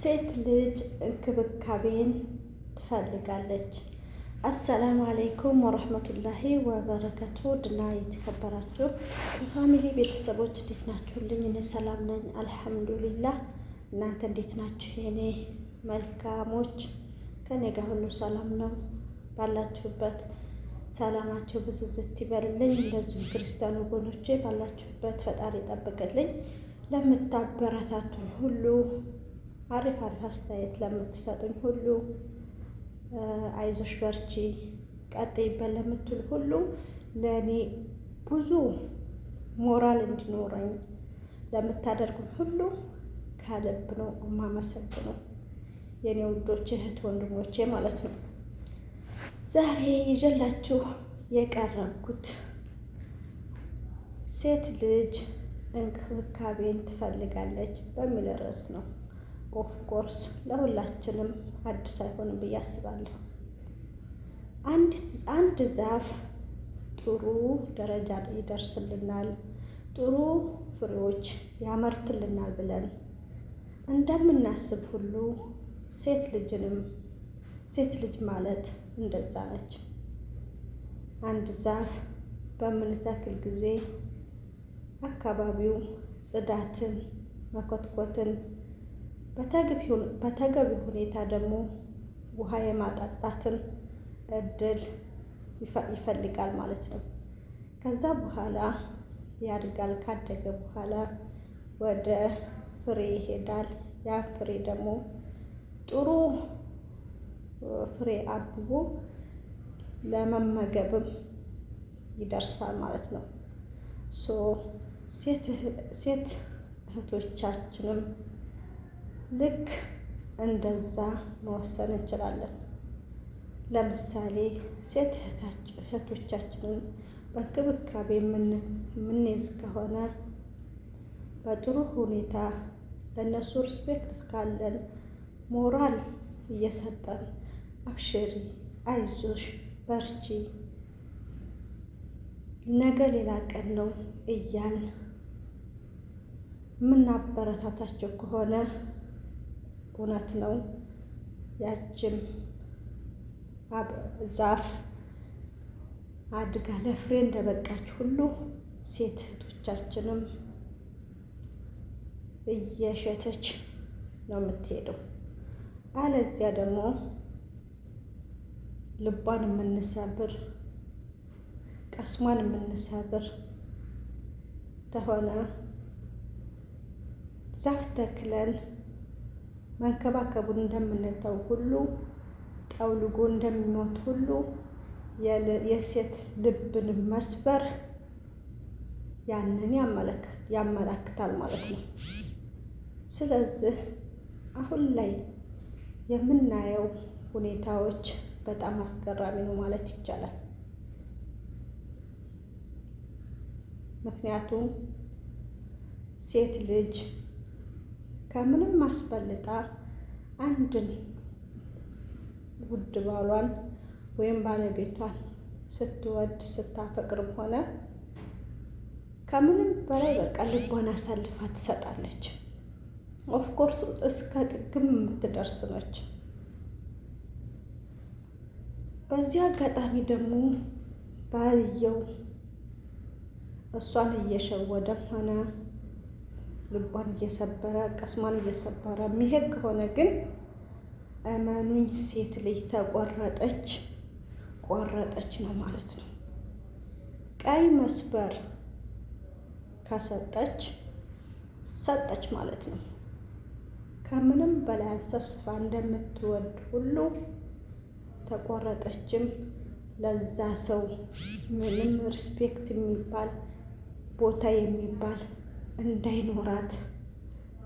ሴት ልጅ እንክብካቤን ትፈልጋለች። አሰላሙ አለይኩም ወረህመቱላሂ ወበረከቱ ድና የተከበራችሁ የፋሚሊ ቤተሰቦች እንዴት ናችሁልኝ? እኔ ሰላም ነኝ አልሐምዱሊላህ። እናንተ እንዴት ናችሁ? የእኔ መልካሞች ከኔ ጋር ሁሉ ሰላም ነው። ባላችሁበት ሰላማቸው ብዝዝት ይበልልኝ። እንደዚሁም ክርስቲያን ወገኖቼ ባላችሁበት ፈጣሪ ይጠብቅልኝ። ለምታበረታቱን ሁሉ አሪፍ አሪፍ አስተያየት ለምትሰጡኝ ሁሉ አይዞሽ በርቺ ቀጥይበት ለምትል ሁሉ ለእኔ ብዙ ሞራል እንዲኖረኝ ለምታደርጉኝ ሁሉ ከልብ ነው የማመሰግነው። የእኔ ውዶች እህት ወንድሞቼ ማለት ነው። ዛሬ ይዤላችሁ የቀረብኩት ሴት ልጅ እንክብካቤን ትፈልጋለች በሚል ርዕስ ነው። ኦፍ ኮርስ ለሁላችንም አዲስ አይሆንም ብዬ አስባለሁ። አንድ ዛፍ ጥሩ ደረጃ ይደርስልናል፣ ጥሩ ፍሬዎች ያመርትልናል ብለን እንደምናስብ ሁሉ ሴት ልጅንም ሴት ልጅ ማለት እንደዛ ነች። አንድ ዛፍ በምንተክል ጊዜ አካባቢው ጽዳትን፣ መኮትኮትን በተገቢ ሁኔታ ደግሞ ውሃ የማጠጣትን እድል ይፈልጋል ማለት ነው። ከዛ በኋላ ያድጋል። ካደገ በኋላ ወደ ፍሬ ይሄዳል። ያ ፍሬ ደግሞ ጥሩ ፍሬ አብቦ ለመመገብም ይደርሳል ማለት ነው። ሶ ሴት እህቶቻችንም ልክ እንደዛ መወሰን እንችላለን። ለምሳሌ ሴት እህቶቻችንን በእንክብካቤ የምንይዝ ከሆነ በጥሩ ሁኔታ ለእነሱ ሪስፔክት ካለን ሞራል እየሰጠን አብሽሪ፣ አይዞሽ፣ በርቺ ነገ ሌላ ቀን ነው እያልን የምናበረታታቸው ከሆነ እውነት ነው። ያችም ዛፍ አድጋ ለፍሬ እንደበቃች ሁሉ ሴት እህቶቻችንም እየሸተች ነው የምትሄደው። አለዚያ ደግሞ ልቧን የምንሰብር ቀስሟን የምንሰብር ተሆነ ዛፍ ተክለን መንከባከቡን እንደምንተው ሁሉ ጠውልጎ እንደሚሞት ሁሉ የሴት ልብን መስበር ያንን ያመላክታል ማለት ነው። ስለዚህ አሁን ላይ የምናየው ሁኔታዎች በጣም አስገራሚ ነው ማለት ይቻላል። ምክንያቱም ሴት ልጅ ከምንም አስበልጣ አንድን ውድ ባሏን ወይም ባለቤቷን ስትወድ ስታፈቅርም ሆነ ከምንም በላይ በቃ ልቧን አሳልፋ ትሰጣለች። ኦፍኮርስ እስከ ጥግም የምትደርስ ነች። በዚህ አጋጣሚ ደግሞ ባልየው እሷን እየሸወደም ሆነ ልቧን እየሰበረ ቀስማን እየሰበረ የሚሄድ ከሆነ ግን እመኑኝ ሴት ልጅ ተቆረጠች ቆረጠች ነው ማለት ነው። ቀይ መስበር ከሰጠች ሰጠች ማለት ነው። ከምንም በላይ ሰፍስፋ እንደምትወድ ሁሉ ተቆረጠችም ለዛ ሰው ምንም ሪስፔክት የሚባል ቦታ የሚባል እንዳይኖራት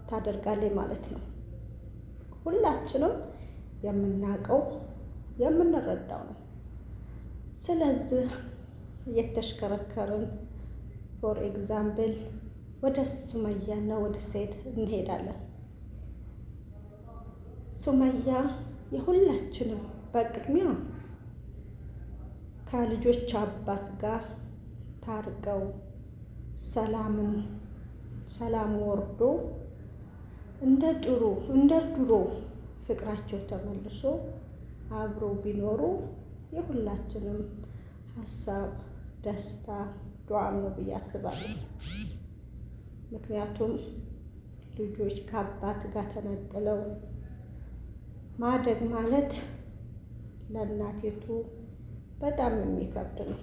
ታደርጋለች ማለት ነው። ሁላችንም የምናውቀው የምንረዳው ነው። ስለዚህ የተሽከረከርን ፎር ኤግዛምፕል ወደ ሱመያና ወደ ሰይድ እንሄዳለን። ሱመያ የሁላችንም በቅድሚያ ከልጆች አባት ጋር ታርቀው ሰላምን ሰላም ወርዶ እንደ ጥሩ እንደ ድሮ ፍቅራቸው ተመልሶ አብሮ ቢኖሩ የሁላችንም ሀሳብ ደስታ ዱዓም ነው ብዬ አስባለሁ። ምክንያቱም ልጆች ከአባት ጋር ተነጥለው ማደግ ማለት ለእናቴቱ በጣም የሚከብድ ነው።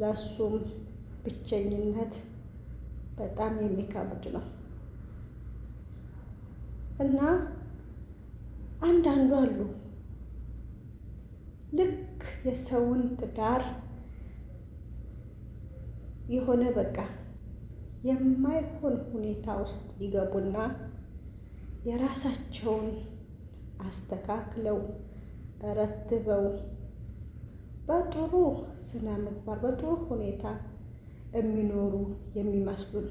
ለእሱም ብቸኝነት በጣም የሚከብድ ነው እና አንዳንዱ አሉ ልክ የሰውን ትዳር የሆነ በቃ የማይሆን ሁኔታ ውስጥ ይገቡና የራሳቸውን አስተካክለው ረትበው በጥሩ ስነ ምግባር በጥሩ ሁኔታ የሚኖሩ የሚመስሉን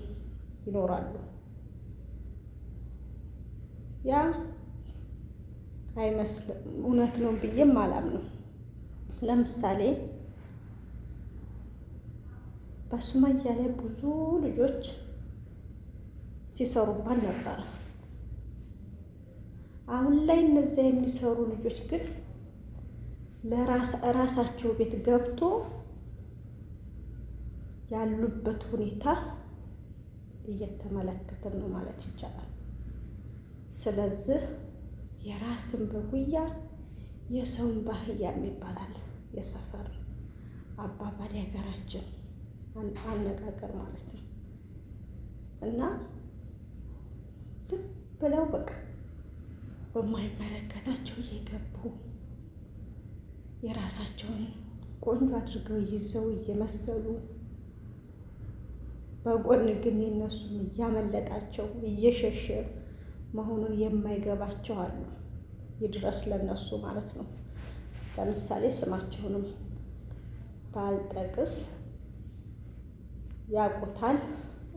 ይኖራሉ። ያ አይመስልም፣ እውነት ነው ብዬም አላምንም። ለምሳሌ በሱማያ ላይ ብዙ ልጆች ሲሰሩባት ነበረ። አሁን ላይ እነዚያ የሚሰሩ ልጆች ግን ለራሳቸው ቤት ገብቶ ያሉበት ሁኔታ እየተመለከትን ነው ማለት ይቻላል። ስለዚህ የራስን በጉያ የሰውን ባህያ ይባላል የሰፈር አባባል የሀገራችን አነጋገር ማለት ነው እና ዝም ብለው በቃ በማይመለከታቸው እየገቡ የራሳቸውን ቆንጆ አድርገው ይዘው እየመሰሉ በጎን ግን እነሱን እያመለጣቸው እየሸሸ መሆኑን የማይገባቸው አሉ። ይድረስ ለነሱ ማለት ነው። ለምሳሌ ስማቸውንም ባልጠቅስ ያውቁታል፣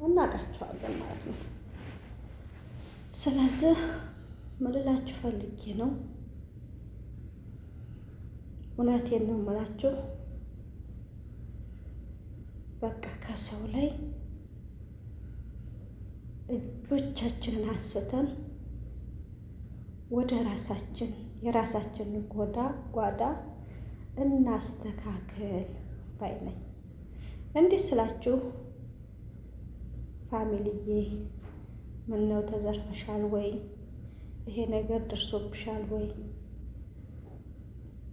እናውቃቸዋለን ማለት ነው። ስለዚህ ምልላችሁ ፈልጌ ነው፣ እውነቴን ነው የምላችሁ። በቃ ከሰው ላይ እጆቻችንን አንስተን ወደ ራሳችን የራሳችንን ጎዳ ጓዳ እናስተካክል ባይ ነኝ። እንዲህ ስላችሁ ፋሚሊዬ ምነው ተዘርፈሻል ወይ ይሄ ነገር ደርሶብሻል ወይ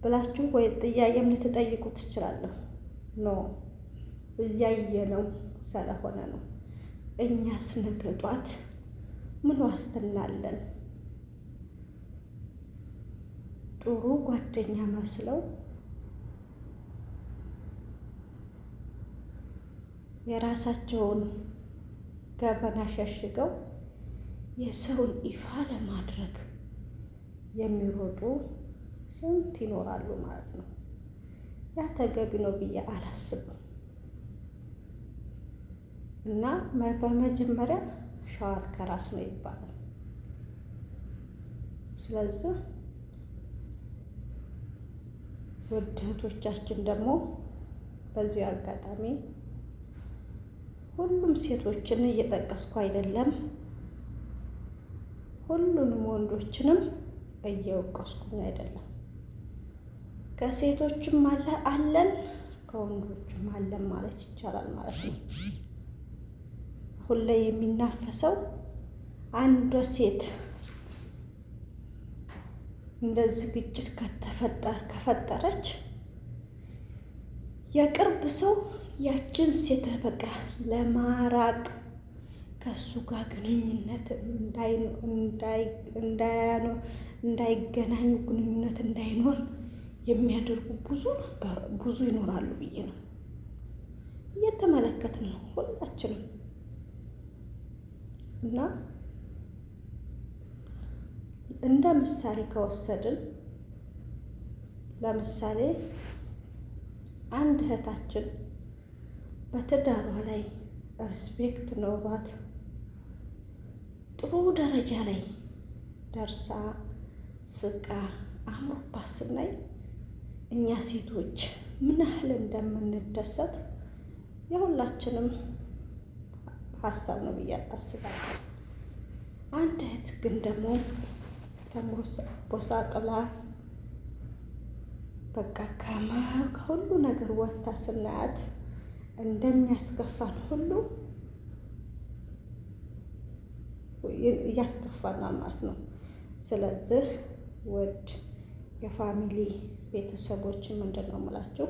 ብላችሁ ወይ ጥያቄም ልትጠይቁ ትችላለሁ። ኖ እያየ ነው ስለሆነ ነው እኛ ስነገጧት ምን ዋስትና አለን? ጥሩ ጓደኛ መስለው የራሳቸውን ገበና ሸሽገው የሰውን ይፋ ለማድረግ የሚሮጡ ስንት ይኖራሉ ማለት ነው። ያ ተገቢ ነው ብዬ አላስብም። እና በመጀመሪያ ሻወር ከራስ ነው ይባላል። ስለዚህ ውድ እህቶቻችን ደግሞ በዚህ አጋጣሚ ሁሉም ሴቶችን እየጠቀስኩ አይደለም፣ ሁሉንም ወንዶችንም እየወቀስኩኝ አይደለም። ከሴቶችም አለ አለን ከወንዶችም አለን ማለት ይቻላል ማለት ነው። ሁሌ የሚናፈሰው አንዷ ሴት እንደዚህ ግጭት ከፈጠረች የቅርብ ሰው ያችን ሴት በቃ ለማራቅ ከሱ ጋር ግንኙነት እንዳይገናኙ ግንኙነት እንዳይኖር የሚያደርጉ ብዙ ብዙ ይኖራሉ ብዬ ነው እየተመለከት ነው ሁላችንም። እና እንደ ምሳሌ ከወሰድን ለምሳሌ አንድ እህታችን በትዳሯ ላይ ሪስፔክት ኖሯት ጥሩ ደረጃ ላይ ደርሳ ስቃ አምሮባት ስናይ እኛ ሴቶች ምን ያህል እንደምንደሰት የሁላችንም ሀሳብ ነው ብዬ አስባለሁ። አንድ እህት ግን ደግሞ ተቦሳቅላ በቃ ከማ ከሁሉ ነገር ወጥታ ስናያት እንደሚያስከፋን ሁሉ እያስከፋናል ማለት ነው። ስለዚህ ውድ የፋሚሊ ቤተሰቦች ምንድን ነው የምላችሁ